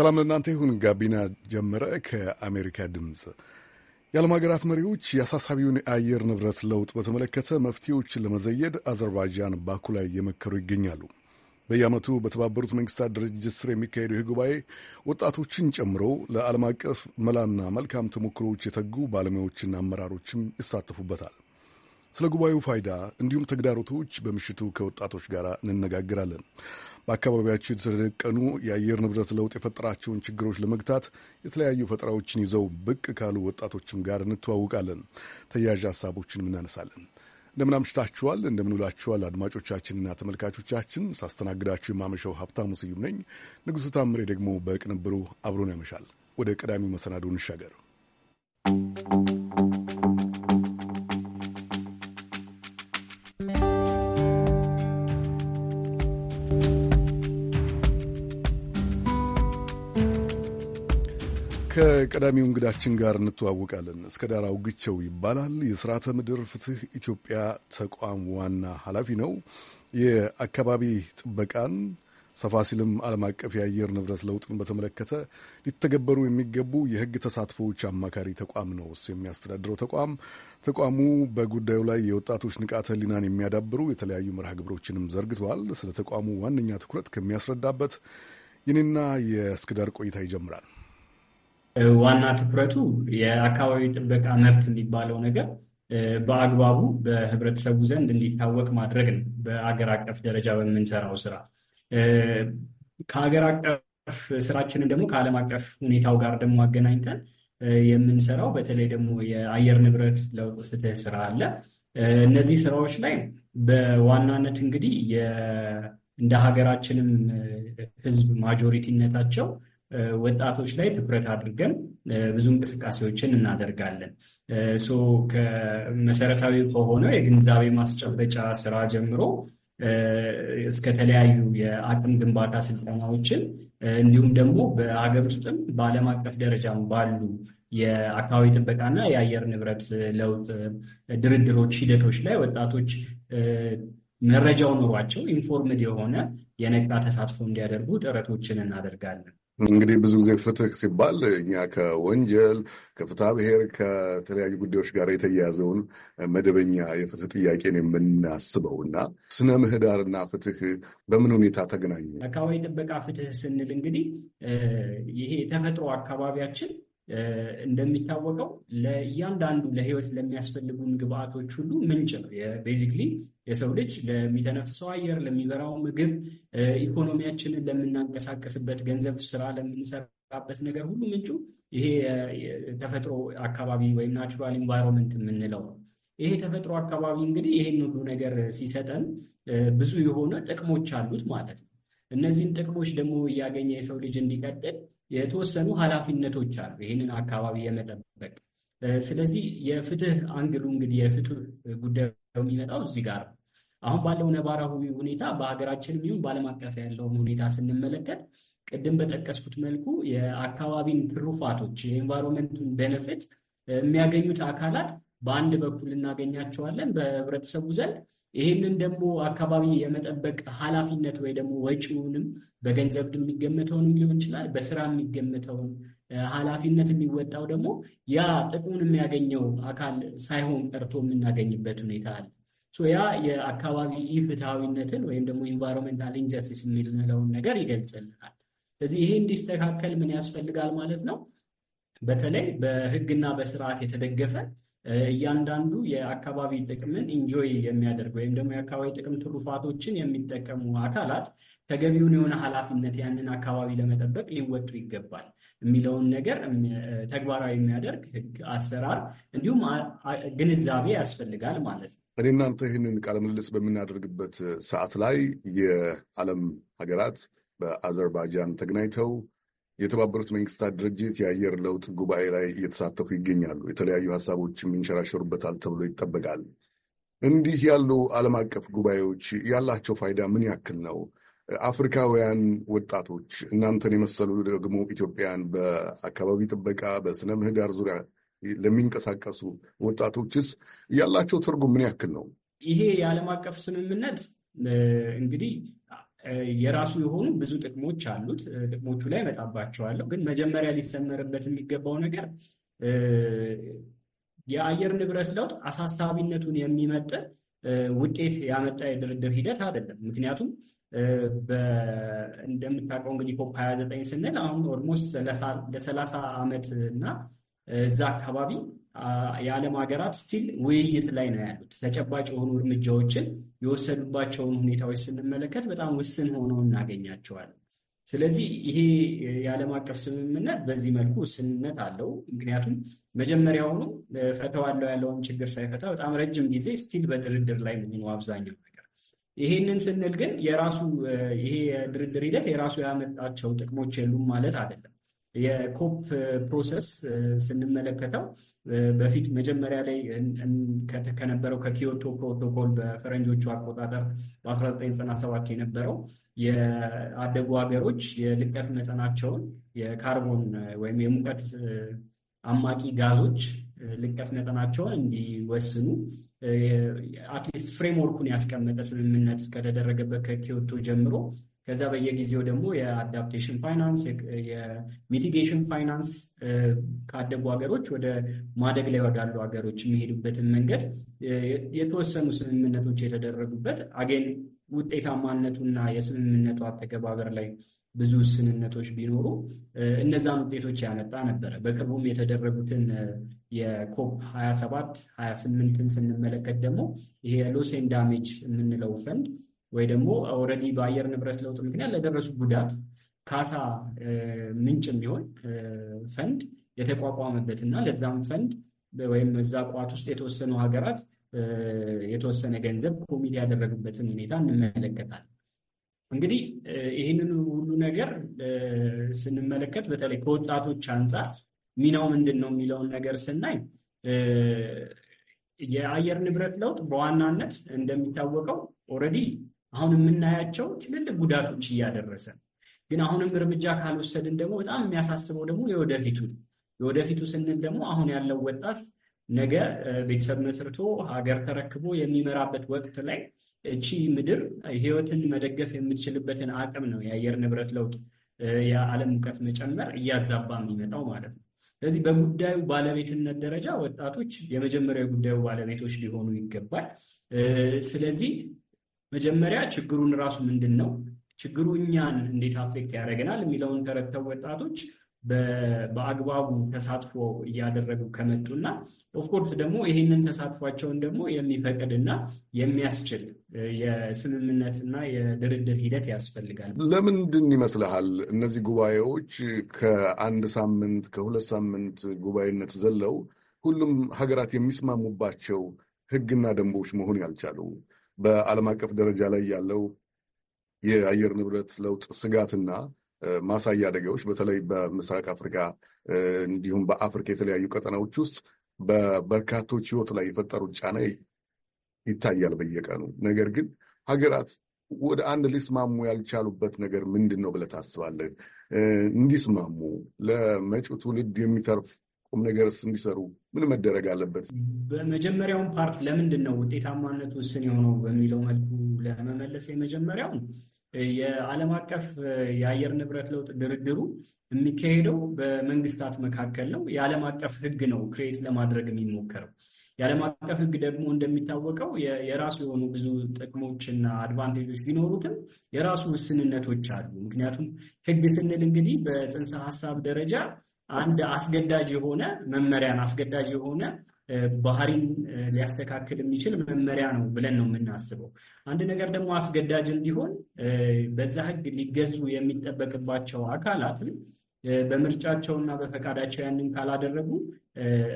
ሰላም ለእናንተ ይሁን። ጋቢና ጀመረ ከአሜሪካ ድምፅ። የዓለም ሀገራት መሪዎች የአሳሳቢውን የአየር ንብረት ለውጥ በተመለከተ መፍትሄዎችን ለመዘየድ አዘርባይጃን ባኩ ላይ እየመከሩ ይገኛሉ። በየዓመቱ በተባበሩት መንግስታት ድርጅት ስር የሚካሄደው ይህ ጉባኤ ወጣቶችን ጨምሮ ለዓለም አቀፍ መላና መልካም ተሞክሮዎች የተጉ ባለሙያዎችና አመራሮችም ይሳተፉበታል። ስለ ጉባኤው ፋይዳ እንዲሁም ተግዳሮቶች በምሽቱ ከወጣቶች ጋር እንነጋግራለን። በአካባቢያቸው የተደቀኑ የአየር ንብረት ለውጥ የፈጠራቸውን ችግሮች ለመግታት የተለያዩ ፈጠራዎችን ይዘው ብቅ ካሉ ወጣቶችም ጋር እንተዋውቃለን። ተያያዥ ሀሳቦችንም እናነሳለን። እንደምን አምሽታችኋል፣ እንደምንውላችኋል አድማጮቻችንና ተመልካቾቻችን። ሳስተናግዳችሁ የማመሻው ሀብታሙ ስዩም ነኝ። ንጉሱ ታምሬ ደግሞ በቅንብሩ አብሮን ያመሻል። ወደ ቀዳሚው መሰናዶ እንሻገር። ከቀዳሚው እንግዳችን ጋር እንተዋወቃለን። እስከ ዳራው ግቸው ይባላል። የስርዓተ ምድር ፍትህ ኢትዮጵያ ተቋም ዋና ኃላፊ ነው። የአካባቢ ጥበቃን ሰፋ ሲልም ዓለም አቀፍ የአየር ንብረት ለውጥን በተመለከተ ሊተገበሩ የሚገቡ የህግ ተሳትፎዎች አማካሪ ተቋም ነው እሱ የሚያስተዳድረው ተቋም። ተቋሙ በጉዳዩ ላይ የወጣቶች ንቃተ ሊናን የሚያዳብሩ የተለያዩ መርሃ ግብሮችንም ዘርግተዋል። ስለ ተቋሙ ዋነኛ ትኩረት ከሚያስረዳበት የኔና የእስክዳር ቆይታ ይጀምራል። ዋና ትኩረቱ የአካባቢ ጥበቃ መብት የሚባለው ነገር በአግባቡ በህብረተሰቡ ዘንድ እንዲታወቅ ማድረግ ነው። በአገር አቀፍ ደረጃ በምንሰራው ስራ ከሀገር አቀፍ ስራችንን ደግሞ ከዓለም አቀፍ ሁኔታው ጋር ደግሞ አገናኝተን የምንሰራው በተለይ ደግሞ የአየር ንብረት ለውጥ ፍትህ ስራ አለ። እነዚህ ስራዎች ላይ በዋናነት እንግዲህ እንደ ሀገራችንም ህዝብ ማጆሪቲነታቸው ወጣቶች ላይ ትኩረት አድርገን ብዙ እንቅስቃሴዎችን እናደርጋለን። ከመሰረታዊ ከሆነ የግንዛቤ ማስጨበጫ ስራ ጀምሮ እስከተለያዩ የአቅም ግንባታ ስልጠናዎችን እንዲሁም ደግሞ በሀገር ውስጥም በዓለም አቀፍ ደረጃም ባሉ የአካባቢ ጥበቃና የአየር ንብረት ለውጥ ድርድሮች፣ ሂደቶች ላይ ወጣቶች መረጃው ኑሯቸው ኢንፎርምድ የሆነ የነቃ ተሳትፎ እንዲያደርጉ ጥረቶችን እናደርጋለን። እንግዲህ ብዙ ጊዜ ፍትህ ሲባል እኛ ከወንጀል ከፍትሐ ብሔር ከተለያዩ ጉዳዮች ጋር የተያያዘውን መደበኛ የፍትህ ጥያቄን የምናስበው እና ስነ ምህዳርና ፍትህ በምን ሁኔታ ተገናኙ? አካባቢ ጥበቃ ፍትህ ስንል እንግዲህ ይሄ የተፈጥሮ አካባቢያችን እንደሚታወቀው ለእያንዳንዱ ለህይወት ለሚያስፈልጉን ግብአቶች ሁሉ ምንጭ ነው። ቤዚክሊ የሰው ልጅ ለሚተነፍሰው አየር፣ ለሚበራው ምግብ፣ ኢኮኖሚያችንን ለምናንቀሳቀስበት ገንዘብ፣ ስራ ለምንሰራበት ነገር ሁሉ ምንጩ ይሄ ተፈጥሮ አካባቢ ወይም ናቹራል ኢንቫይሮንመንት የምንለው ነው። ይሄ ተፈጥሮ አካባቢ እንግዲህ ይህን ሁሉ ነገር ሲሰጠን ብዙ የሆነ ጥቅሞች አሉት ማለት ነው። እነዚህን ጥቅሞች ደግሞ እያገኘ የሰው ልጅ እንዲቀጥል የተወሰኑ ኃላፊነቶች አሉ ይህንን አካባቢ የመጠበቅ። ስለዚህ የፍትህ አንግሉ እንግዲህ የፍትህ ጉዳዩ የሚመጣው እዚህ ጋር ነው። አሁን ባለው ነባራዊ ሁኔታ በሀገራችንም ይሁን በዓለም አቀፍ ያለውን ሁኔታ ስንመለከት ቅድም በጠቀስኩት መልኩ የአካባቢን ትሩፋቶች የኤንቫይሮንመንቱን ቤነፊት የሚያገኙት አካላት በአንድ በኩል እናገኛቸዋለን በህብረተሰቡ ዘንድ ይህንን ደግሞ አካባቢ የመጠበቅ ኃላፊነት ወይ ደግሞ ወጪውንም በገንዘብ የሚገመተውንም ሊሆን ይችላል፣ በስራ የሚገመተውን ኃላፊነት የሚወጣው ደግሞ ያ ጥቅሙን የሚያገኘው አካል ሳይሆን ቀርቶ የምናገኝበት ሁኔታ አለ። ያ የአካባቢ ኢፍትሐዊነትን ወይም ደግሞ ኢንቫይሮንመንታል ኢንጀስቲስ የሚለውን ነገር ይገልጽልናል። ስለዚህ ይህ እንዲስተካከል ምን ያስፈልጋል ማለት ነው? በተለይ በህግና በስርዓት የተደገፈ እያንዳንዱ የአካባቢ ጥቅምን ኢንጆይ የሚያደርግ ወይም ደግሞ የአካባቢ ጥቅም ትሩፋቶችን የሚጠቀሙ አካላት ተገቢውን የሆነ ኃላፊነት ያንን አካባቢ ለመጠበቅ ሊወጡ ይገባል የሚለውን ነገር ተግባራዊ የሚያደርግ ህግ አሰራር እንዲሁም ግንዛቤ ያስፈልጋል ማለት ነው። እኔ እናንተ ይህንን ቃለ ምልልስ በምናደርግበት ሰዓት ላይ የዓለም ሀገራት በአዘርባይጃን ተገናኝተው የተባበሩት መንግስታት ድርጅት የአየር ለውጥ ጉባኤ ላይ እየተሳተፉ ይገኛሉ። የተለያዩ ሀሳቦችም ይንሸራሸሩበታል ተብሎ ይጠበቃል። እንዲህ ያሉ ዓለም አቀፍ ጉባኤዎች ያላቸው ፋይዳ ምን ያክል ነው? አፍሪካውያን ወጣቶች እናንተን የመሰሉ ደግሞ ኢትዮጵያን በአካባቢ ጥበቃ በስነ ምህዳር ዙሪያ ለሚንቀሳቀሱ ወጣቶችስ ያላቸው ትርጉም ምን ያክል ነው? ይሄ የዓለም አቀፍ ስምምነት እንግዲህ የራሱ የሆኑ ብዙ ጥቅሞች አሉት። ጥቅሞቹ ላይ እመጣባቸዋለሁ። ግን መጀመሪያ ሊሰመርበት የሚገባው ነገር የአየር ንብረት ለውጥ አሳሳቢነቱን የሚመጥን ውጤት ያመጣ የድርድር ሂደት አይደለም። ምክንያቱም እንደምታውቀው እንግዲህ ኮፕ 29 ስንል አሁን ኦልሞስት ለሰላሳ ዓመት እና እዛ አካባቢ የዓለም ሀገራት ስቲል ውይይት ላይ ነው ያሉት። ተጨባጭ የሆኑ እርምጃዎችን የወሰዱባቸውን ሁኔታዎች ስንመለከት በጣም ውስን ሆነው እናገኛቸዋለን። ስለዚህ ይሄ የዓለም አቀፍ ስምምነት በዚህ መልኩ ውስንነት አለው። ምክንያቱም መጀመሪያውኑ ፈተዋለው ያለውን ችግር ሳይፈታ በጣም ረጅም ጊዜ ስቲል በድርድር ላይ መሆኑ አብዛኛው ነገር። ይሄንን ስንል ግን የራሱ ይሄ የድርድር ሂደት የራሱ ያመጣቸው ጥቅሞች የሉም ማለት አይደለም። የኮፕ ፕሮሰስ ስንመለከተው በፊት መጀመሪያ ላይ ከነበረው ከኪዮቶ ፕሮቶኮል በፈረንጆቹ አቆጣጠር በ1997 የነበረው የአደጉ ሀገሮች የልቀት መጠናቸውን የካርቦን ወይም የሙቀት አማቂ ጋዞች ልቀት መጠናቸውን እንዲወስኑ አትሊስት ፍሬምወርኩን ያስቀመጠ ስምምነት ከተደረገበት ከኪዮቶ ጀምሮ ከዛ በየጊዜው ደግሞ የአዳፕቴሽን ፋይናንስ፣ የሚቲጌሽን ፋይናንስ ካደጉ ሀገሮች ወደ ማደግ ላይ ወዳሉ ሀገሮች የሚሄዱበትን መንገድ የተወሰኑ ስምምነቶች የተደረጉበት አጌን ውጤታማነቱና የስምምነቱ አተገባበር ላይ ብዙ ውስንነቶች ቢኖሩ እነዛን ውጤቶች ያመጣ ነበረ። በቅርቡም የተደረጉትን የኮፕ 27 28ን ስንመለከት ደግሞ ይሄ ሎስ ኤንድ ዳሜጅ የምንለው ፈንድ ወይ ደግሞ ኦልሬዲ በአየር ንብረት ለውጥ ምክንያት ለደረሱ ጉዳት ካሳ ምንጭ የሚሆን ፈንድ የተቋቋመበት እና ለዛም ፈንድ ወይም እዛ ቋት ውስጥ የተወሰኑ ሀገራት የተወሰነ ገንዘብ ኮሚቴ ያደረጉበትን ሁኔታ እንመለከታለን። እንግዲህ ይህንን ሁሉ ነገር ስንመለከት በተለይ ከወጣቶች አንጻር ሚናው ምንድን ነው የሚለውን ነገር ስናይ የአየር ንብረት ለውጥ በዋናነት እንደሚታወቀው ኦልሬዲ አሁን የምናያቸው ትልልቅ ጉዳቶች እያደረሰ ነው። ግን አሁንም እርምጃ ካልወሰድን ደግሞ በጣም የሚያሳስበው ደግሞ የወደፊቱ የወደፊቱ ስንል ደግሞ አሁን ያለው ወጣት ነገ ቤተሰብ መስርቶ ሀገር ተረክቦ የሚመራበት ወቅት ላይ እቺ ምድር ህይወትን መደገፍ የምትችልበትን አቅም ነው የአየር ንብረት ለውጥ የዓለም ሙቀት መጨመር እያዛባ የሚመጣው ማለት ነው። ስለዚህ በጉዳዩ ባለቤትነት ደረጃ ወጣቶች የመጀመሪያ ጉዳዩ ባለቤቶች ሊሆኑ ይገባል። ስለዚህ መጀመሪያ ችግሩን ራሱ ምንድን ነው፣ ችግሩ እኛን እንዴት አፌክት ያደርገናል የሚለውን ተረድተው ወጣቶች በአግባቡ ተሳትፎ እያደረጉ ከመጡና ኦፍኮርስ ደግሞ ይህንን ተሳትፏቸውን ደግሞ የሚፈቅድና የሚያስችል የስምምነትና የድርድር ሂደት ያስፈልጋል። ለምንድን ይመስልሃል እነዚህ ጉባኤዎች ከአንድ ሳምንት ከሁለት ሳምንት ጉባኤነት ዘለው ሁሉም ሀገራት የሚስማሙባቸው ሕግና ደንቦች መሆን ያልቻሉ? በዓለም አቀፍ ደረጃ ላይ ያለው የአየር ንብረት ለውጥ ስጋትና ማሳያ አደጋዎች በተለይ በምስራቅ አፍሪካ እንዲሁም በአፍሪካ የተለያዩ ቀጠናዎች ውስጥ በበርካቶች ሕይወት ላይ የፈጠሩት ጫና ይታያል በየቀኑ። ነገር ግን ሀገራት ወደ አንድ ሊስማሙ ያልቻሉበት ነገር ምንድን ነው ብለህ ታስባለህ? እንዲስማሙ ለመጪው ትውልድ የሚተርፍ ቁም ነገርስ እንዲሰሩ ምን መደረግ አለበት? በመጀመሪያውን ፓርት ለምንድን ነው ውጤታማነት ውስን የሆነው በሚለው መልኩ ለመመለስ የመጀመሪያውን የዓለም አቀፍ የአየር ንብረት ለውጥ ድርድሩ የሚካሄደው በመንግስታት መካከል ነው። የዓለም አቀፍ ሕግ ነው ክሬት ለማድረግ የሚሞከረው። የዓለም አቀፍ ሕግ ደግሞ እንደሚታወቀው የራሱ የሆኑ ብዙ ጥቅሞችና አድቫንቴጆች ቢኖሩትም የራሱ ውስንነቶች አሉ። ምክንያቱም ሕግ ስንል እንግዲህ በጽንሰ ሀሳብ ደረጃ አንድ አስገዳጅ የሆነ መመሪያን አስገዳጅ የሆነ ባህሪን ሊያስተካክል የሚችል መመሪያ ነው ብለን ነው የምናስበው። አንድ ነገር ደግሞ አስገዳጅ እንዲሆን በዛ ህግ ሊገዙ የሚጠበቅባቸው አካላትም በምርጫቸውና በፈቃዳቸው ያንን ካላደረጉ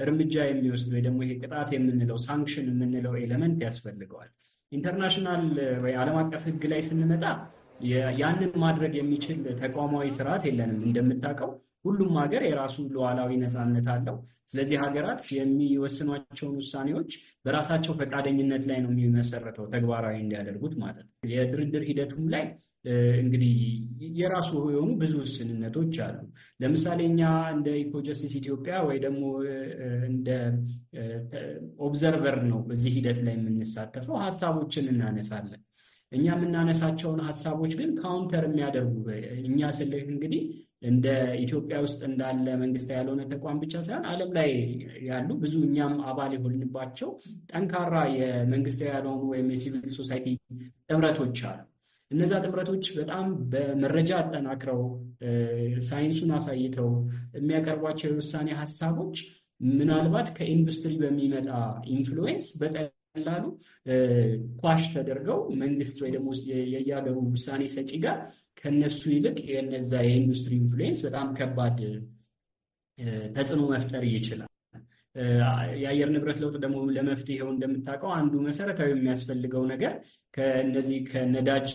እርምጃ የሚወስድ ወይ ደግሞ ይሄ ቅጣት የምንለው ሳንክሽን የምንለው ኤሌመንት ያስፈልገዋል። ኢንተርናሽናል ወይ ዓለም አቀፍ ህግ ላይ ስንመጣ ያንን ማድረግ የሚችል ተቋማዊ ስርዓት የለንም እንደምታውቀው ሁሉም ሀገር የራሱ ሉዓላዊ ነፃነት አለው። ስለዚህ ሀገራት የሚወስኗቸውን ውሳኔዎች በራሳቸው ፈቃደኝነት ላይ ነው የሚመሰረተው ተግባራዊ እንዲያደርጉት ማለት ነው። የድርድር ሂደቱም ላይ እንግዲህ የራሱ የሆኑ ብዙ ውስንነቶች አሉ። ለምሳሌ እኛ እንደ ኢኮጀስቲስ ኢትዮጵያ ወይ ደግሞ እንደ ኦብዘርቨር ነው በዚህ ሂደት ላይ የምንሳተፈው፣ ሀሳቦችን እናነሳለን። እኛ የምናነሳቸውን ሀሳቦች ግን ካውንተር የሚያደርጉ እኛ ስልህ እንግዲህ እንደ ኢትዮጵያ ውስጥ እንዳለ መንግስት ያልሆነ ተቋም ብቻ ሳይሆን ዓለም ላይ ያሉ ብዙ እኛም አባል የሆንባቸው ጠንካራ የመንግስት ያልሆኑ ወይም የሲቪል ሶሳይቲ ጥምረቶች አሉ። እነዛ ጥምረቶች በጣም በመረጃ አጠናክረው ሳይንሱን አሳይተው የሚያቀርቧቸው የውሳኔ ሀሳቦች ምናልባት ከኢንዱስትሪ በሚመጣ ኢንፍሉዌንስ በቀላሉ ኳሽ ተደርገው መንግስት ወይ ደግሞ የየሀገሩ ውሳኔ ሰጪ ጋር ከነሱ ይልቅ የነዛ የኢንዱስትሪ ኢንፍሉዌንስ በጣም ከባድ ተጽዕኖ መፍጠር ይችላል። የአየር ንብረት ለውጥ ደግሞ ለመፍትሄው እንደምታውቀው አንዱ መሰረታዊ የሚያስፈልገው ነገር ከነዚህ ከነዳጅ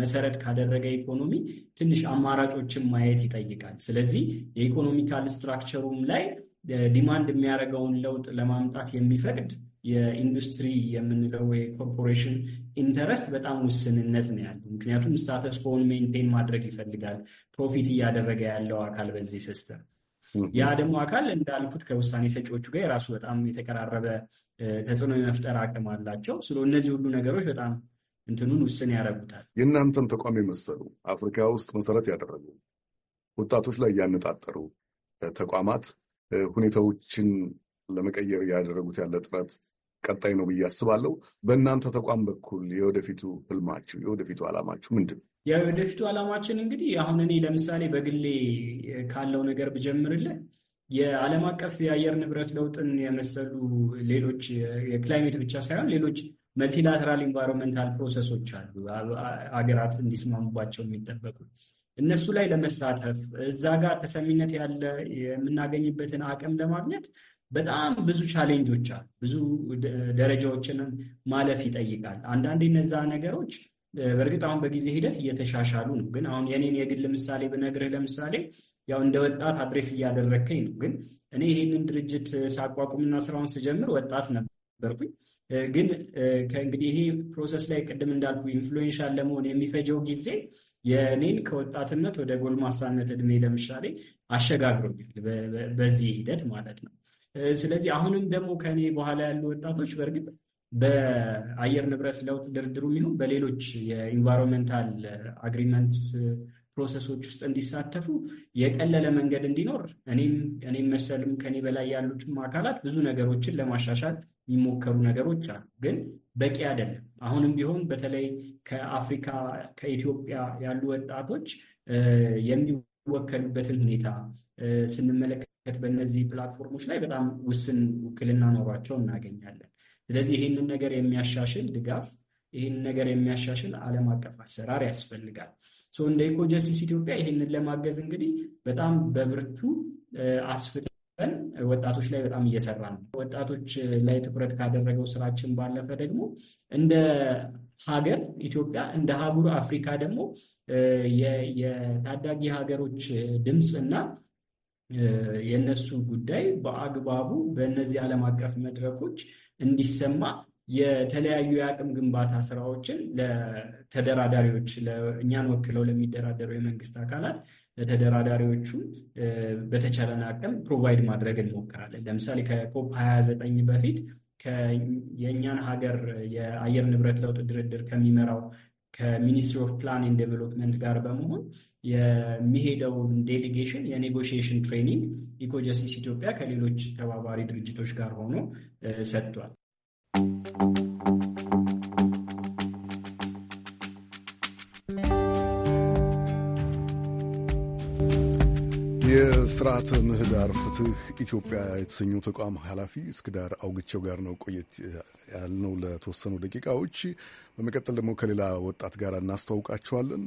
መሰረት ካደረገ ኢኮኖሚ ትንሽ አማራጮችን ማየት ይጠይቃል። ስለዚህ የኢኮኖሚካል ስትራክቸሩም ላይ ዲማንድ የሚያደርገውን ለውጥ ለማምጣት የሚፈቅድ የኢንዱስትሪ የምንለው የኮርፖሬሽን ኢንተረስት በጣም ውስንነት ነው ያለው። ምክንያቱም ስታተስ ኮን ሜንቴን ማድረግ ይፈልጋል ፕሮፊት እያደረገ ያለው አካል በዚህ ሲስተም። ያ ደግሞ አካል እንዳልኩት ከውሳኔ ሰጪዎቹ ጋር የራሱ በጣም የተቀራረበ ተጽዕኖ የመፍጠር አቅም አላቸው። ስለ እነዚህ ሁሉ ነገሮች በጣም እንትኑን ውስን ያደርጉታል። የእናንተን ተቋም የመሰሉ አፍሪካ ውስጥ መሰረት ያደረጉ ወጣቶች ላይ ያነጣጠሩ ተቋማት ሁኔታዎችን ለመቀየር ያደረጉት ያለ ጥረት ቀጣይ ነው ብዬ አስባለሁ። በእናንተ ተቋም በኩል የወደፊቱ ህልማችሁ የወደፊቱ ዓላማችሁ ምንድን ነው? የወደፊቱ ዓላማችን እንግዲህ አሁን እኔ ለምሳሌ በግሌ ካለው ነገር ብጀምርልህ የዓለም አቀፍ የአየር ንብረት ለውጥን የመሰሉ ሌሎች የክላይሜት ብቻ ሳይሆን ሌሎች መልቲላተራል ኢንቫይሮንመንታል ፕሮሰሶች አሉ ሀገራት እንዲስማሙባቸው የሚጠበቁ እነሱ ላይ ለመሳተፍ እዛ ጋር ተሰሚነት ያለ የምናገኝበትን አቅም ለማግኘት በጣም ብዙ ቻሌንጆች አሉ። ብዙ ደረጃዎችን ማለፍ ይጠይቃል። አንዳንድ እነዛ ነገሮች በእርግጥ አሁን በጊዜ ሂደት እየተሻሻሉ ነው። ግን አሁን የኔን የግል ምሳሌ ብነግርህ ለምሳሌ ያው እንደ ወጣት አድሬስ እያደረግከኝ ነው። ግን እኔ ይህንን ድርጅት ሳቋቁምና ስራውን ስጀምር ወጣት ነበርኩኝ። ግን ከእንግዲህ ይሄ ፕሮሰስ ላይ ቅድም እንዳልኩ ኢንፍሉዌንሻል ለመሆን የሚፈጀው ጊዜ የኔን ከወጣትነት ወደ ጎልማሳነት እድሜ ለምሳሌ አሸጋግሮኛል። በዚህ ሂደት ማለት ነው። ስለዚህ አሁንም ደግሞ ከኔ በኋላ ያሉ ወጣቶች በእርግጥ በአየር ንብረት ለውጥ ድርድሩ የሚሆን በሌሎች የኢንቫይሮንመንታል አግሪመንት ፕሮሰሶች ውስጥ እንዲሳተፉ የቀለለ መንገድ እንዲኖር እኔም እኔም መሰልም ከኔ በላይ ያሉትም አካላት ብዙ ነገሮችን ለማሻሻል የሚሞከሩ ነገሮች አሉ፣ ግን በቂ አይደለም። አሁንም ቢሆን በተለይ ከአፍሪካ ከኢትዮጵያ ያሉ ወጣቶች የሚወከሉበትን ሁኔታ ስንመለከት በእነዚህ ፕላትፎርሞች ላይ በጣም ውስን ውክልና ኖሯቸው እናገኛለን። ስለዚህ ይህንን ነገር የሚያሻሽል ድጋፍ፣ ይህንን ነገር የሚያሻሽል ዓለም አቀፍ አሰራር ያስፈልጋል። እንደ ኢኮጀስቲስ ኢትዮጵያ ይህንን ለማገዝ እንግዲህ በጣም በብርቱ አስፍተን ወጣቶች ላይ በጣም እየሰራ ነው። ወጣቶች ላይ ትኩረት ካደረገው ስራችን ባለፈ ደግሞ እንደ ሀገር ኢትዮጵያ እንደ ሀገሩ አፍሪካ ደግሞ የታዳጊ ሀገሮች ድምፅ እና የእነሱ ጉዳይ በአግባቡ በእነዚህ ዓለም አቀፍ መድረኮች እንዲሰማ የተለያዩ የአቅም ግንባታ ስራዎችን ለተደራዳሪዎች እኛን ወክለው ለሚደራደሩ የመንግስት አካላት ለተደራዳሪዎቹ በተቻለን አቅም ፕሮቫይድ ማድረግ እንሞክራለን። ለምሳሌ ከኮፕ 29 በፊት የእኛን ሀገር የአየር ንብረት ለውጥ ድርድር ከሚመራው ከሚኒስትሪ ኦፍ ፕላን ዴቨሎፕመንት ጋር በመሆን የሚሄደውን ዴሊጌሽን የኔጎሽሽን ትሬኒንግ ኢኮጀስቲስ ኢትዮጵያ ከሌሎች ተባባሪ ድርጅቶች ጋር ሆኖ ሰጥቷል። የስርዓተ ምህዳር ፍትህ ኢትዮጵያ የተሰኘው ተቋም ኃላፊ እስክዳር አውግቸው ጋር ነው ቆየት ያልነው ለተወሰኑ ደቂቃዎች። በመቀጠል ደግሞ ከሌላ ወጣት ጋር እናስተዋውቃቸዋለን።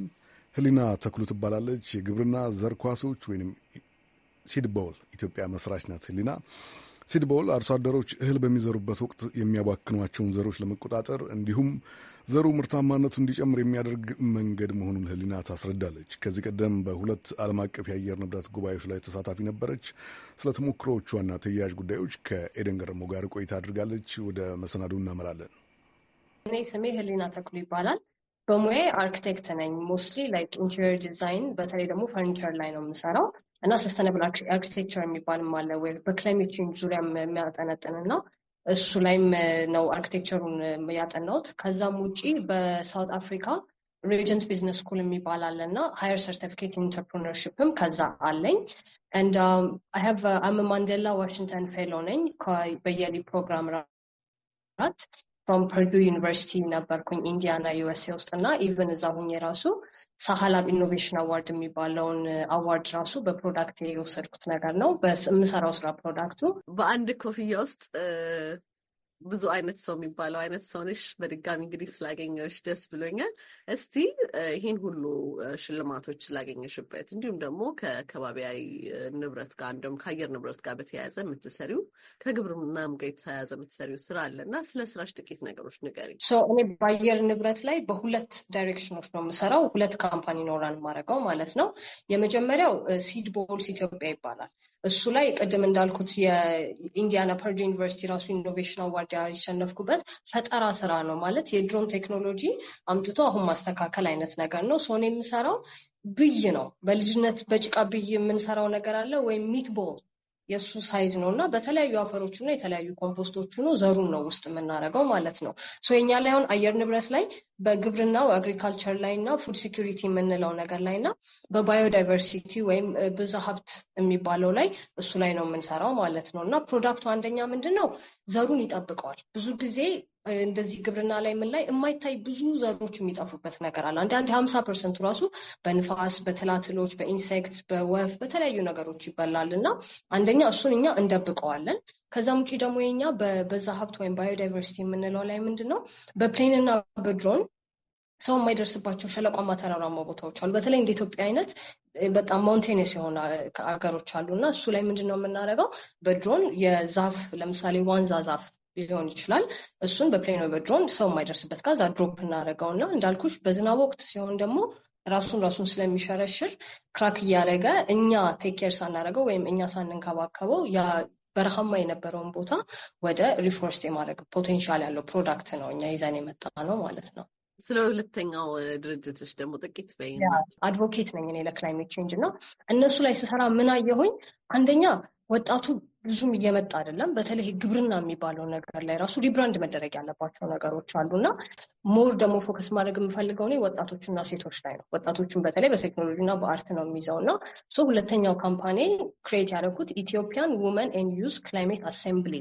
ህሊና ተክሉ ትባላለች። የግብርና ዘር ኳሶች ወይም ሲድቦል ኢትዮጵያ መስራች ናት። ህሊና ሲድቦል አርሶ አደሮች እህል በሚዘሩበት ወቅት የሚያባክኗቸውን ዘሮች ለመቆጣጠር እንዲሁም ዘሩ ምርታማነቱ እንዲጨምር የሚያደርግ መንገድ መሆኑን ህሊና ታስረዳለች። ከዚህ ቀደም በሁለት ዓለም አቀፍ የአየር ንብረት ጉባኤዎች ላይ ተሳታፊ ነበረች። ስለ ተሞክሮዎቿና ተያያዥ ጉዳዮች ከኤደን ገረሞ ጋር ቆይታ አድርጋለች። ወደ መሰናዱ እናመራለን። እኔ ስሜ ህሊና ተክሉ ይባላል። በሙዬ አርክቴክት ነኝ። ሞስትሊ ላይክ ኢንቴሪየር ዲዛይን በተለይ ደግሞ ፈርኒቸር ላይ ነው የምሰራው እና ሰስተነብል አርክቴክቸር የሚባልም አለ ወይ በክላይሜት ቼንጅ ዙሪያ የሚያጠነጥንና እሱ ላይም ነው አርኪቴክቸሩን ያጠናሁት። ከዛም ውጪ በሳውት አፍሪካ ሬጀንት ቢዝነስ ስኩል የሚባል አለ እና ሃየር ሰርቲፊኬት ኢንተርፕርነርሽፕም ከዛ አለኝ። um, እንድ አም ማንዴላ ዋሽንግተን ፌሎ ነኝ በየሊ ፕሮግራም ራት ፍሮም ፐርዱ ዩኒቨርሲቲ ነበርኩኝ ኢንዲያና ዩኤስኤ ውስጥ እና ኢቨን እዛ ሁኝ የራሱ ሳሃላብ ኢኖቬሽን አዋርድ የሚባለውን አዋርድ uh, ራሱ በፕሮዳክት የወሰድኩት ነገር ነው። የምሰራው ስራ ፕሮዳክቱ በአንድ ኮፍያ ውስጥ uh, ብዙ አይነት ሰው የሚባለው አይነት ሰው በድጋሚ እንግዲህ ስላገኘሽ ደስ ብሎኛል። እስቲ ይህን ሁሉ ሽልማቶች ስላገኘሽበት እንዲሁም ደግሞ ከከባቢያዊ ንብረት ጋር እንዲሁም ከአየር ንብረት ጋር በተያያዘ የምትሰሪው ከግብርናም ጋር የተያያዘ የምትሰሪው ስራ አለ እና ስለ ስራሽ ጥቂት ነገሮች ንገሪ። እኔ በአየር ንብረት ላይ በሁለት ዳይሬክሽኖች ነው የምሰራው። ሁለት ካምፓኒ ኖራን ማድረገው ማለት ነው። የመጀመሪያው ሲድ ቦልስ ኢትዮጵያ ይባላል። እሱ ላይ ቅድም እንዳልኩት የኢንዲያና ፐርዱ ዩኒቨርሲቲ ራሱ ኢኖቬሽን አዋርድ ያሸነፍኩበት ፈጠራ ስራ ነው። ማለት የድሮን ቴክኖሎጂ አምጥቶ አሁን ማስተካከል አይነት ነገር ነው። ሶን የምሰራው ብይ ነው። በልጅነት በጭቃ ብይ የምንሰራው ነገር አለ ወይም ሚትቦል የእሱ ሳይዝ ነው እና በተለያዩ አፈሮች እና የተለያዩ ኮምፖስቶች ሆኖ ዘሩን ነው ውስጥ የምናደርገው ማለት ነው። የኛ ላይ አሁን አየር ንብረት ላይ በግብርናው አግሪካልቸር ላይ እና ፉድ ሲኪሪቲ የምንለው ነገር ላይ እና በባዮዳይቨርሲቲ ወይም ብዝሃ ሀብት የሚባለው ላይ እሱ ላይ ነው የምንሰራው ማለት ነው እና ፕሮዳክቱ አንደኛ ምንድን ነው ዘሩን ይጠብቀዋል። ብዙ ጊዜ እንደዚህ ግብርና ላይ ምን ላይ የማይታይ ብዙ ዘሮች የሚጠፉበት ነገር አለ። አንዳንድ ሀምሳ ፐርሰንቱ ራሱ በንፋስ፣ በትላትሎች፣ በኢንሴክት፣ በወፍ፣ በተለያዩ ነገሮች ይበላል እና አንደኛ እሱን እኛ እንደብቀዋለን። ከዛም ውጭ ደግሞ የኛ በዛ ሀብት ወይም ባዮዳይቨርሲቲ የምንለው ላይ ምንድን ነው በፕሌንና በድሮን ሰው የማይደርስባቸው ሸለቋማ ተራራማ ቦታዎች አሉ። በተለይ እንደ ኢትዮጵያ አይነት በጣም ማውንቴነስ የሆነ አገሮች አሉ እና እሱ ላይ ምንድን ነው የምናደርገው? በድሮን የዛፍ ለምሳሌ ዋንዛ ዛፍ ሊሆን ይችላል። እሱን በፕሌን ወይ በድሮን ሰው የማይደርስበት ጋዛ ድሮፕ እናደረገው እና እንዳልኩሽ በዝናብ ወቅት ሲሆን ደግሞ ራሱን ራሱን ስለሚሸረሽር ክራክ እያደረገ እኛ ቴኬር ሳናደረገው ወይም እኛ ሳንንከባከበው በረሃማ የነበረውን ቦታ ወደ ሪፎርስት የማድረግ ፖቴንሻል ያለው ፕሮዳክት ነው እኛ ይዘን የመጣ ነው ማለት ነው። ስለ ሁለተኛው ድርጅቶች ደግሞ ጥቂት በይ። አድቮኬት ነኝ እኔ ለክላይሜት ቼንጅ እና እነሱ ላይ ስሰራ ምን አየሁኝ? አንደኛ ወጣቱ ብዙም እየመጣ አይደለም። በተለይ ግብርና የሚባለው ነገር ላይ ራሱ ሪብራንድ መደረግ ያለባቸው ነገሮች አሉና ሞር ደግሞ ፎከስ ማድረግ የምፈልገው እኔ ወጣቶችና ሴቶች ላይ ነው። ወጣቶችን በተለይ በቴክኖሎጂና በአርት ነው የሚይዘው እና ሶ ሁለተኛው ካምፓኒ ክሬት ያደረኩት ኢትዮጵያን ውመን ኤንድ ዩዝ ክላይሜት አሴምብሊ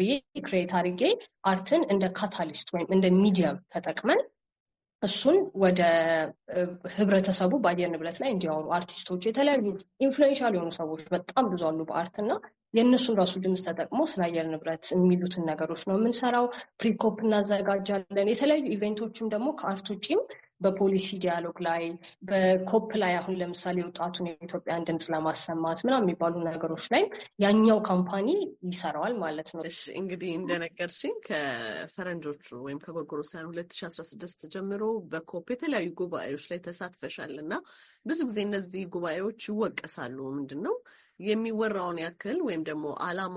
ብዬ ክሬት አድርጌ አርትን እንደ ካታሊስት ወይም እንደ ሚዲየም ተጠቅመን እሱን ወደ ህብረተሰቡ በአየር ንብረት ላይ እንዲያወሩ አርቲስቶች፣ የተለያዩ ኢንፍሉዌንሻል የሆኑ ሰዎች በጣም ብዙ አሉ በአርት እና የእነሱን ራሱ ድምፅ ተጠቅሞ ስለ አየር ንብረት የሚሉትን ነገሮች ነው የምንሰራው። ፕሪኮፕ እናዘጋጃለን። የተለያዩ ኢቨንቶችም ደግሞ ከአርት ውጭም በፖሊሲ ዲያሎግ ላይ በኮፕ ላይ አሁን ለምሳሌ ወጣቱን የኢትዮጵያን ድምፅ ለማሰማት ምናምን የሚባሉ ነገሮች ላይ ያኛው ካምፓኒ ይሰራዋል ማለት ነው። እሺ እንግዲህ እንደነገርሽኝ ከፈረንጆቹ ወይም ከጎርጎሮሳውያን 2016 ጀምሮ በኮፕ የተለያዩ ጉባኤዎች ላይ ተሳትፈሻል እና ብዙ ጊዜ እነዚህ ጉባኤዎች ይወቀሳሉ ምንድን ነው የሚወራውን ያክል ወይም ደግሞ አላማ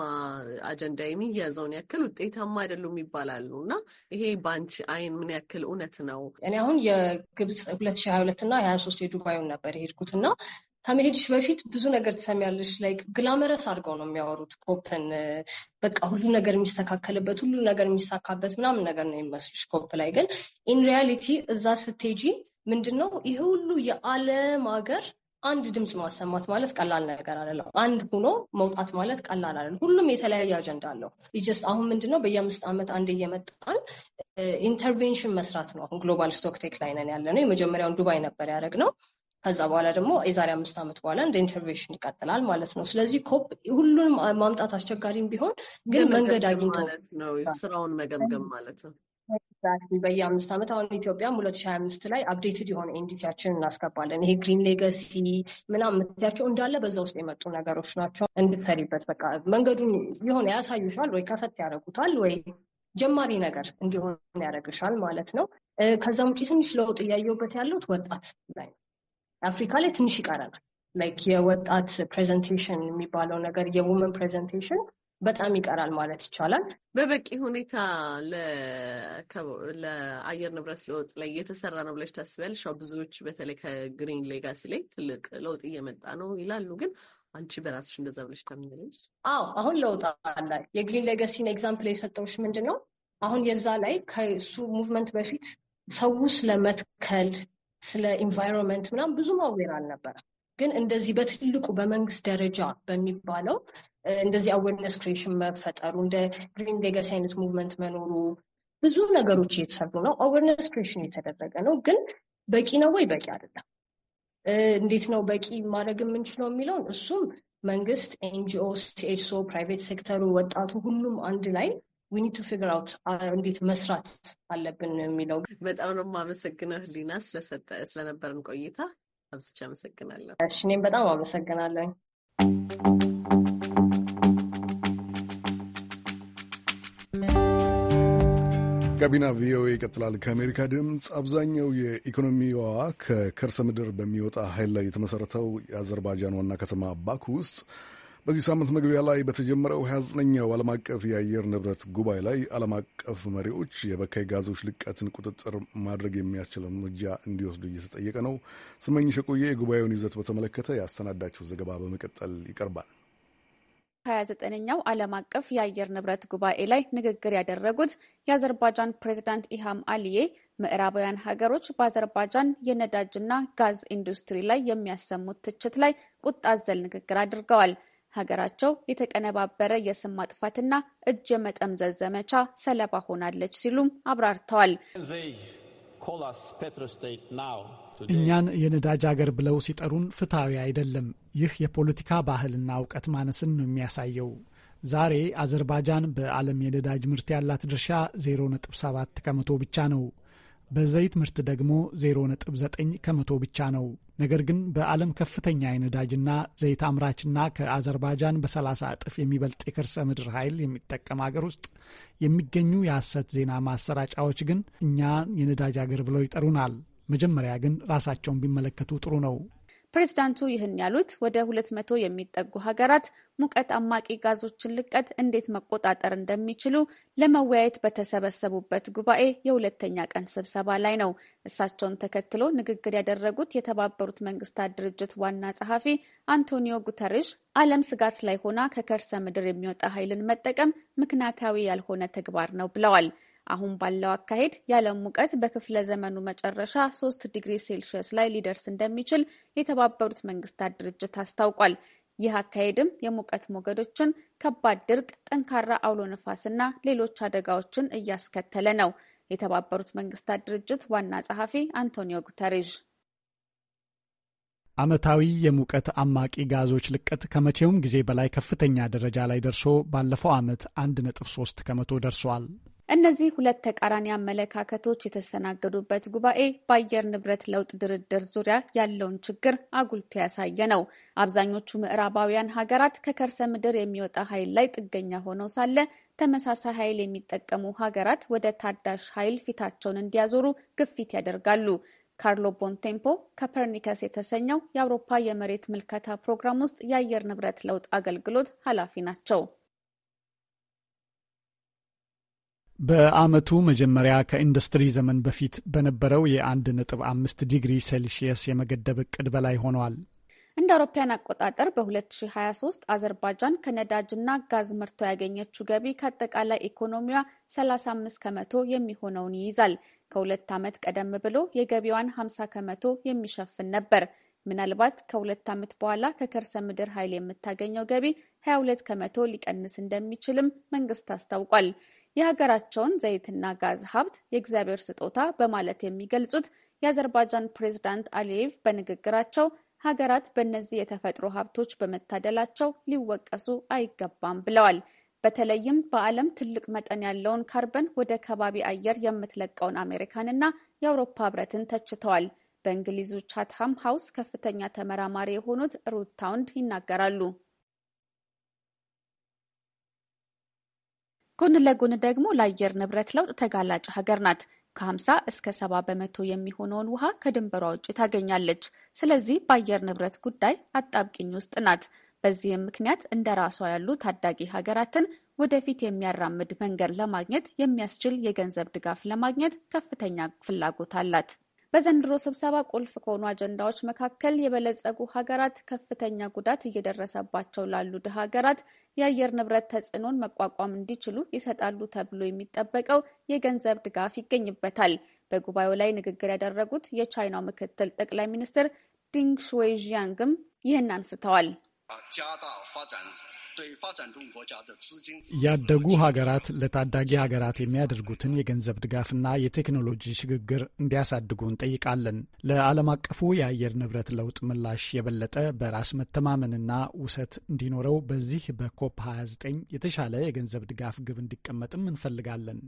አጀንዳ የሚያዘውን ያክል ውጤታማ አይደሉም ይባላሉ እና ይሄ በአንቺ አይን ምን ያክል እውነት ነው? እኔ አሁን የግብፅ ሁለት ሺ ሀያ ሁለት እና ሀያ ሶስት የዱባዩን ነበር የሄድኩት እና ከመሄድሽ በፊት ብዙ ነገር ትሰሚያለሽ። ላይክ ግላመረስ አድርገው ነው የሚያወሩት ኮፕን በቃ ሁሉ ነገር የሚስተካከልበት ሁሉ ነገር የሚሳካበት ምናምን ነገር ነው የሚመስልሽ ኮፕ ላይ ግን ኢን ሪያሊቲ እዛ ስቴጂ ምንድን ነው ይሄ ሁሉ የዓለም ሀገር አንድ ድምፅ ማሰማት ማለት ቀላል ነገር አይደለም። አንድ ሆኖ መውጣት ማለት ቀላል አይደለም። ሁሉም የተለያየ አጀንዳ አለው። ጀስት አሁን ምንድነው በየአምስት ዓመት አንድ እየመጣን ኢንተርቬንሽን መስራት ነው። አሁን ግሎባል ቴክ ላይ ነን ያለ ነው። የመጀመሪያውን ዱባይ ነበር ያደረግ ነው። ከዛ በኋላ ደግሞ የዛሬ አምስት ዓመት በኋላ እንደ ኢንተርቬንሽን ይቀጥላል ማለት ነው። ስለዚህ ኮፕ ሁሉንም ማምጣት አስቸጋሪም ቢሆን ግን መንገድ አግኝቶ ስራውን መገምገም ማለት ነው። በየአምስት ዓመት አሁን ኢትዮጵያም ሁለት ሺህ ሀያ አምስት ላይ አፕዴትድ የሆነ ኤንዲሲያችን እናስገባለን። ይሄ ግሪን ሌገሲ ምናምን የምትያቸው እንዳለ በዛ ውስጥ የመጡ ነገሮች ናቸው። እንድትሰሪበት በቃ መንገዱን የሆነ ያሳዩሻል፣ ወይ ከፈት ያደርጉታል፣ ወይ ጀማሪ ነገር እንዲሆን ያደረግሻል ማለት ነው። ከዛም ውጭ ትንሽ ለውጥ እያየሁበት ያለሁት ወጣት ላይ ነው። አፍሪካ ላይ ትንሽ ይቀረናል። ላይክ የወጣት ፕሬዘንቴሽን የሚባለው ነገር የውመን ፕሬዘንቴሽን በጣም ይቀራል ማለት ይቻላል። በበቂ ሁኔታ ለአየር ንብረት ለውጥ ላይ እየተሰራ ነው ብለሽ ታስቢያለሽ? ብዙዎች በተለይ ከግሪን ሌጋሲ ላይ ትልቅ ለውጥ እየመጣ ነው ይላሉ ግን አንቺ በራስሽ እንደዛ ብለሽ ታምኛለሽ? አዎ አሁን ለውጥ አለ። የግሪን ሌጋሲን ኤግዛምፕል የሰጠውሽ ምንድን ነው? አሁን የዛ ላይ ከሱ ሙቭመንት በፊት ሰው ስለ መትከል ስለ ኢንቫይሮንመንት ምናምን ብዙ ማዌር አልነበረ። ግን እንደዚህ በትልቁ በመንግስት ደረጃ በሚባለው እንደዚህ አዌርነስ ክሬሽን መፈጠሩ እንደ ግሪን ሌጋሲ አይነት ሙቭመንት መኖሩ ብዙ ነገሮች እየተሰሩ ነው። አዌርነስ ክሬሽን የተደረገ ነው። ግን በቂ ነው ወይ? በቂ አይደለም። እንዴት ነው በቂ ማድረግ የምንችለው የሚለውን እሱም መንግስት፣ ኤንጂኦ፣ ሲኤችሶ፣ ፕራይቬት ሴክተሩ፣ ወጣቱ፣ ሁሉም አንድ ላይ ዊኒቱ ፊግር አውት እንዴት መስራት አለብን የሚለው። በጣም ነው የማመሰግነው ህሊና ስለሰጠ ስለነበረን ቆይታ። አብስቻ አመሰግናለሁ። እሺ እኔም በጣም አመሰግናለኝ። ጋቢና ቪኦኤ ይቀጥላል። ከአሜሪካ ድምፅ አብዛኛው የኢኮኖሚዋ ከከርሰ ምድር በሚወጣ ኃይል ላይ የተመሠረተው የአዘርባጃን ዋና ከተማ ባኩ ውስጥ በዚህ ሳምንት መግቢያ ላይ በተጀመረው 29ኛው ዓለም አቀፍ የአየር ንብረት ጉባኤ ላይ ዓለም አቀፍ መሪዎች የበካይ ጋዞች ልቀትን ቁጥጥር ማድረግ የሚያስችል እርምጃ እንዲወስዱ እየተጠየቀ ነው። ስመኝ ሸቆየ የጉባኤውን ይዘት በተመለከተ ያሰናዳቸው ዘገባ በመቀጠል ይቀርባል። 29ኛው ዓለም አቀፍ የአየር ንብረት ጉባኤ ላይ ንግግር ያደረጉት የአዘርባጃን ፕሬዚዳንት ኢሃም አሊዬ ምዕራባውያን ሀገሮች በአዘርባጃን የነዳጅና ጋዝ ኢንዱስትሪ ላይ የሚያሰሙት ትችት ላይ ቁጣ አዘል ንግግር አድርገዋል። ሀገራቸው የተቀነባበረ የስም ማጥፋትና እጅ የመጠምዘዝ ዘመቻ ሰለባ ሆናለች ሲሉም አብራርተዋል። እኛን የነዳጅ አገር ብለው ሲጠሩን ፍትሐዊ አይደለም። ይህ የፖለቲካ ባህልና እውቀት ማነስን ነው የሚያሳየው። ዛሬ አዘርባጃን በዓለም የነዳጅ ምርት ያላት ድርሻ 0.7 ከመቶ ብቻ ነው። በዘይት ምርት ደግሞ 0.9 ከመቶ ብቻ ነው። ነገር ግን በዓለም ከፍተኛ የነዳጅና ዘይት አምራችና ከአዘርባይጃን በ30 እጥፍ የሚበልጥ የከርሰ ምድር ኃይል የሚጠቀም አገር ውስጥ የሚገኙ የሐሰት ዜና ማሰራጫዎች ግን እኛ የነዳጅ አገር ብለው ይጠሩናል። መጀመሪያ ግን ራሳቸውን ቢመለከቱ ጥሩ ነው። ፕሬዚዳንቱ ይህን ያሉት ወደ ሁለት መቶ የሚጠጉ ሀገራት ሙቀት አማቂ ጋዞችን ልቀት እንዴት መቆጣጠር እንደሚችሉ ለመወያየት በተሰበሰቡበት ጉባኤ የሁለተኛ ቀን ስብሰባ ላይ ነው። እሳቸውን ተከትሎ ንግግር ያደረጉት የተባበሩት መንግስታት ድርጅት ዋና ጸሐፊ አንቶኒዮ ጉተርሽ ዓለም ስጋት ላይ ሆና ከከርሰ ምድር የሚወጣ ኃይልን መጠቀም ምክንያታዊ ያልሆነ ተግባር ነው ብለዋል። አሁን ባለው አካሄድ የዓለም ሙቀት በክፍለ ዘመኑ መጨረሻ ሶስት ዲግሪ ሴልሽየስ ላይ ሊደርስ እንደሚችል የተባበሩት መንግስታት ድርጅት አስታውቋል። ይህ አካሄድም የሙቀት ሞገዶችን፣ ከባድ ድርቅ፣ ጠንካራ አውሎ ነፋስና ሌሎች አደጋዎችን እያስከተለ ነው። የተባበሩት መንግስታት ድርጅት ዋና ጸሐፊ አንቶኒዮ ጉተሬዥ ዓመታዊ የሙቀት አማቂ ጋዞች ልቀት ከመቼውም ጊዜ በላይ ከፍተኛ ደረጃ ላይ ደርሶ ባለፈው ዓመት 1.3 ከመቶ ደርሷል። እነዚህ ሁለት ተቃራኒ አመለካከቶች የተስተናገዱበት ጉባኤ በአየር ንብረት ለውጥ ድርድር ዙሪያ ያለውን ችግር አጉልቶ ያሳየ ነው። አብዛኞቹ ምዕራባውያን ሀገራት ከከርሰ ምድር የሚወጣ ኃይል ላይ ጥገኛ ሆነው ሳለ ተመሳሳይ ኃይል የሚጠቀሙ ሀገራት ወደ ታዳሽ ኃይል ፊታቸውን እንዲያዞሩ ግፊት ያደርጋሉ። ካርሎ ቦንቴምፖ ከፐርኒከስ የተሰኘው የአውሮፓ የመሬት ምልከታ ፕሮግራም ውስጥ የአየር ንብረት ለውጥ አገልግሎት ኃላፊ ናቸው። በዓመቱ መጀመሪያ ከኢንዱስትሪ ዘመን በፊት በነበረው የ1.5 ዲግሪ ሴልሺየስ የመገደብ እቅድ በላይ ሆነዋል። እንደ አውሮፓያን አቆጣጠር በ2023 አዘርባጃን ከነዳጅና ጋዝ ምርቷ ያገኘችው ገቢ ከአጠቃላይ ኢኮኖሚዋ 35 ከመቶ የሚሆነውን ይይዛል። ከሁለት ዓመት ቀደም ብሎ የገቢዋን 50 ከመቶ የሚሸፍን ነበር። ምናልባት ከሁለት ዓመት በኋላ ከከርሰ ምድር ኃይል የምታገኘው ገቢ 22 ከመቶ ሊቀንስ እንደሚችልም መንግስት አስታውቋል። የሀገራቸውን ዘይትና ጋዝ ሀብት የእግዚአብሔር ስጦታ በማለት የሚገልጹት የአዘርባይጃን ፕሬዝዳንት አሊየቭ በንግግራቸው ሀገራት በእነዚህ የተፈጥሮ ሀብቶች በመታደላቸው ሊወቀሱ አይገባም ብለዋል። በተለይም በዓለም ትልቅ መጠን ያለውን ካርበን ወደ ከባቢ አየር የምትለቀውን አሜሪካንና የአውሮፓ ህብረትን ተችተዋል። በእንግሊዙ ቻትሃም ሀውስ ከፍተኛ ተመራማሪ የሆኑት ሩት ታውንድ ይናገራሉ። ጎን ለጎን ደግሞ ለአየር ንብረት ለውጥ ተጋላጭ ሀገር ናት። ከ50 እስከ 70 በመቶ የሚሆነውን ውሃ ከድንበሯ ውጭ ታገኛለች። ስለዚህ በአየር ንብረት ጉዳይ አጣብቂኝ ውስጥ ናት። በዚህም ምክንያት እንደ ራሷ ያሉ ታዳጊ ሀገራትን ወደፊት የሚያራምድ መንገድ ለማግኘት የሚያስችል የገንዘብ ድጋፍ ለማግኘት ከፍተኛ ፍላጎት አላት። በዘንድሮ ስብሰባ ቁልፍ ከሆኑ አጀንዳዎች መካከል የበለጸጉ ሀገራት ከፍተኛ ጉዳት እየደረሰባቸው ላሉ ድሃ ሀገራት የአየር ንብረት ተጽዕኖን መቋቋም እንዲችሉ ይሰጣሉ ተብሎ የሚጠበቀው የገንዘብ ድጋፍ ይገኝበታል። በጉባኤው ላይ ንግግር ያደረጉት የቻይናው ምክትል ጠቅላይ ሚኒስትር ዲንግ ሽዌ ይህን አንስተዋል። ያደጉ ሀገራት ለታዳጊ ሀገራት የሚያደርጉትን የገንዘብ ድጋፍና የቴክኖሎጂ ሽግግር እንዲያሳድጉ እንጠይቃለን። ለዓለም አቀፉ የአየር ንብረት ለውጥ ምላሽ የበለጠ በራስ መተማመንና ውሰት እንዲኖረው በዚህ በኮፕ 29 የተሻለ የገንዘብ ድጋፍ ግብ እንዲቀመጥም እንፈልጋለን።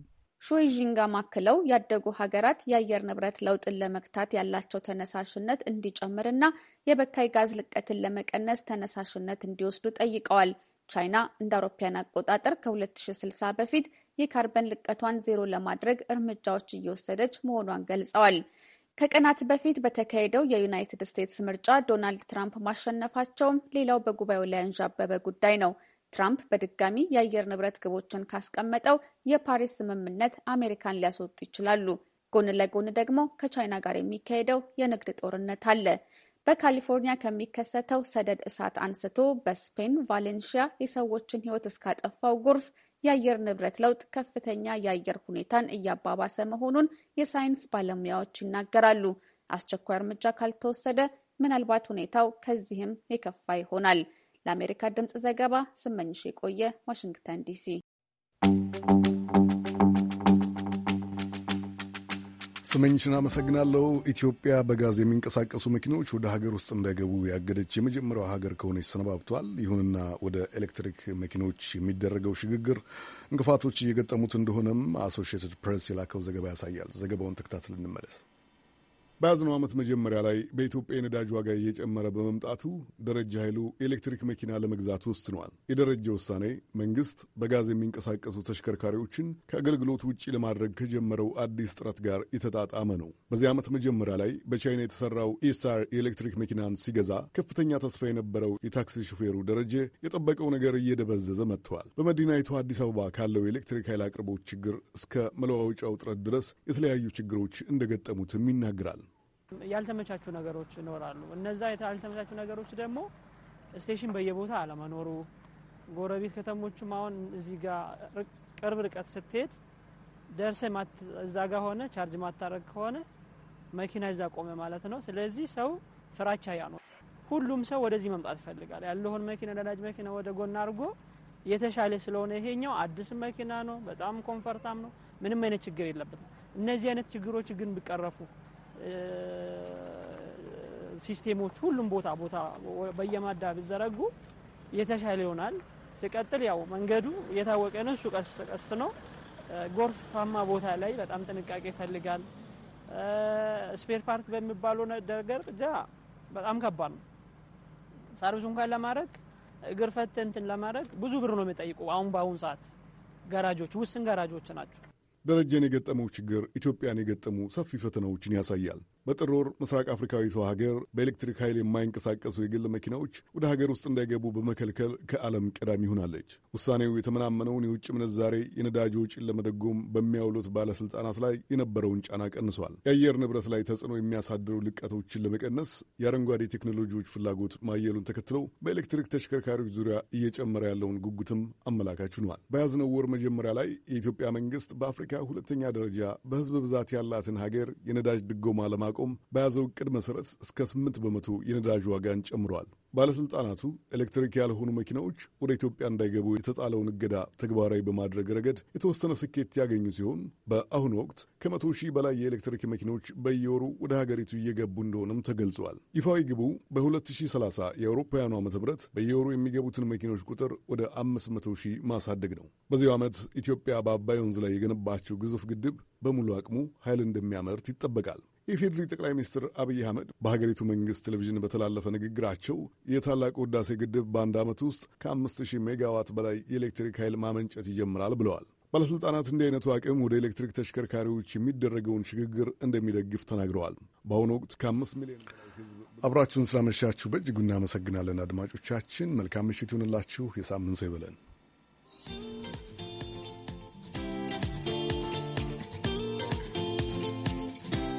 ሹይዥንጋ ማክለው ያደጉ ሀገራት የአየር ንብረት ለውጥን ለመግታት ያላቸው ተነሳሽነት እንዲጨምርና የበካይ ጋዝ ልቀትን ለመቀነስ ተነሳሽነት እንዲወስዱ ጠይቀዋል። ቻይና እንደ አውሮፓያን አቆጣጠር ከ2060 በፊት የካርበን ልቀቷን ዜሮ ለማድረግ እርምጃዎች እየወሰደች መሆኗን ገልጸዋል። ከቀናት በፊት በተካሄደው የዩናይትድ ስቴትስ ምርጫ ዶናልድ ትራምፕ ማሸነፋቸውም ሌላው በጉባኤው ላይ አንዣበበ ጉዳይ ነው። ትራምፕ በድጋሚ የአየር ንብረት ግቦችን ካስቀመጠው የፓሪስ ስምምነት አሜሪካን ሊያስወጡ ይችላሉ። ጎን ለጎን ደግሞ ከቻይና ጋር የሚካሄደው የንግድ ጦርነት አለ። በካሊፎርኒያ ከሚከሰተው ሰደድ እሳት አንስቶ በስፔን ቫሌንሺያ የሰዎችን ሕይወት እስካጠፋው ጎርፍ የአየር ንብረት ለውጥ ከፍተኛ የአየር ሁኔታን እያባባሰ መሆኑን የሳይንስ ባለሙያዎች ይናገራሉ። አስቸኳይ እርምጃ ካልተወሰደ ምናልባት ሁኔታው ከዚህም የከፋ ይሆናል። ለአሜሪካ ድምፅ ዘገባ ስመኝሽ የቆየ ዋሽንግተን ዲሲ። ስመኝችን አመሰግናለሁ። ኢትዮጵያ በጋዝ የሚንቀሳቀሱ መኪኖች ወደ ሀገር ውስጥ እንዳይገቡ ያገደች የመጀመሪያው ሀገር ከሆነች ሰነባብቷል። ይሁንና ወደ ኤሌክትሪክ መኪኖች የሚደረገው ሽግግር እንቅፋቶች እየገጠሙት እንደሆነም አሶሺየትድ ፕሬስ የላከው ዘገባ ያሳያል። ዘገባውን ተከታትል እንመለስ። በያዝነው ዓመት መጀመሪያ ላይ በኢትዮጵያ የነዳጅ ዋጋ እየጨመረ በመምጣቱ ደረጀ ኃይሉ የኤሌክትሪክ መኪና ለመግዛት ወስኗል። የደረጀ ውሳኔ መንግሥት በጋዝ የሚንቀሳቀሱ ተሽከርካሪዎችን ከአገልግሎት ውጭ ለማድረግ ከጀመረው አዲስ ጥረት ጋር የተጣጣመ ነው። በዚህ ዓመት መጀመሪያ ላይ በቻይና የተሠራው ኢስታር የኤሌክትሪክ መኪናን ሲገዛ ከፍተኛ ተስፋ የነበረው የታክሲ ሹፌሩ ደረጀ የጠበቀው ነገር እየደበዘዘ መጥተዋል። በመዲናይቱ አዲስ አበባ ካለው የኤሌክትሪክ ኃይል አቅርቦት ችግር እስከ መለዋወጫው ጥረት ድረስ የተለያዩ ችግሮች እንደገጠሙትም ይናገራል። ያልተመቻቹ ነገሮች ይኖራሉ። እነዛ ያልተመቻቹ ነገሮች ደግሞ ስቴሽን በየቦታ አለመኖሩ፣ ጎረቤት ከተሞችም አሁን እዚህ ጋር ቅርብ ርቀት ስትሄድ ደርሰ እዛ ጋር ሆነ ቻርጅ ማታረግ ከሆነ መኪና እዛ ቆመ ማለት ነው። ስለዚህ ሰው ፍራቻ ያኖ ሁሉም ሰው ወደዚህ መምጣት ይፈልጋል። ያለውን መኪና ነዳጅ መኪና ወደ ጎን አድርጎ የተሻለ ስለሆነ ይሄኛው አዲስ መኪና ነው። በጣም ኮንፈርታም ነው። ምንም አይነት ችግር የለበትም። እነዚህ አይነት ችግሮች ግን ቢቀረፉ ሲስቴሞች ሁሉም ቦታ ቦታ በየማዳ ቢዘረጉ የተሻለ ይሆናል። ሲቀጥል ያው መንገዱ የታወቀ ነው። እሱ ቀስ ቀስ ነው። ጎርፋማ ቦታ ላይ በጣም ጥንቃቄ ይፈልጋል። ስፔር ፓርት በሚባለው ነገር ጃ በጣም ከባድ ነው። ሰርቪሱ እንኳን ለማድረግ እግር ፈት እንትን ለማድረግ ብዙ ብር ነው የሚጠይቁ። አሁን በአሁን ሰዓት ጋራጆች ውስን ገራጆች ናቸው። ደረጀን የገጠመው ችግር ኢትዮጵያን የገጠሙ ሰፊ ፈተናዎችን ያሳያል። በጥር ወር ምስራቅ አፍሪካዊቷ ሀገር በኤሌክትሪክ ኃይል የማይንቀሳቀሱ የግል መኪናዎች ወደ ሀገር ውስጥ እንዳይገቡ በመከልከል ከዓለም ቀዳሚ ሆናለች። ውሳኔው የተመናመነውን የውጭ ምንዛሬ የነዳጅ ወጪን ለመደጎም በሚያውሉት ባለስልጣናት ላይ የነበረውን ጫና ቀንሷል። የአየር ንብረት ላይ ተጽዕኖ የሚያሳድሩ ልቀቶችን ለመቀነስ የአረንጓዴ ቴክኖሎጂዎች ፍላጎት ማየሉን ተከትለው በኤሌክትሪክ ተሽከርካሪዎች ዙሪያ እየጨመረ ያለውን ጉጉትም አመላካች ሆኗል። በያዝነው ወር መጀመሪያ ላይ የኢትዮጵያ መንግስት በአፍሪካ ሁለተኛ ደረጃ በህዝብ ብዛት ያላትን ሀገር የነዳጅ ድጎማ ለማ ማቆም በያዘው እቅድ መሠረት እስከ 8 በመቶ የነዳጅ ዋጋን ጨምሯል። ባለሥልጣናቱ ኤሌክትሪክ ያልሆኑ መኪናዎች ወደ ኢትዮጵያ እንዳይገቡ የተጣለውን እገዳ ተግባራዊ በማድረግ ረገድ የተወሰነ ስኬት ያገኙ ሲሆን በአሁኑ ወቅት ከመቶ ሺህ በላይ የኤሌክትሪክ መኪናዎች በየወሩ ወደ ሀገሪቱ እየገቡ እንደሆነም ተገልጿል። ይፋዊ ግቡ በ2030 የአውሮፓውያኑ ዓመተ ምህረት በየወሩ የሚገቡትን መኪኖች ቁጥር ወደ 500 ሺህ ማሳደግ ነው። በዚሁ ዓመት ኢትዮጵያ በአባይ ወንዝ ላይ የገነባቸው ግዙፍ ግድብ በሙሉ አቅሙ ኃይል እንደሚያመርት ይጠበቃል። የፌዴሪ ጠቅላይ ሚኒስትር አብይ አህመድ በሀገሪቱ መንግስት ቴሌቪዥን በተላለፈ ንግግራቸው የታላቁ ህዳሴ ግድብ በአንድ ዓመት ውስጥ ከ5000 ሜጋዋት በላይ የኤሌክትሪክ ኃይል ማመንጨት ይጀምራል ብለዋል። ባለሥልጣናት እንዲህ አይነቱ አቅም ወደ ኤሌክትሪክ ተሽከርካሪዎች የሚደረገውን ሽግግር እንደሚደግፍ ተናግረዋል። በአሁኑ ወቅት ከአምስት ሚሊዮን አብራችሁን ስላመሻችሁ በእጅጉ እናመሰግናለን። አድማጮቻችን መልካም ምሽት ይሁንላችሁ። የሳምንት ሰው ይበለን።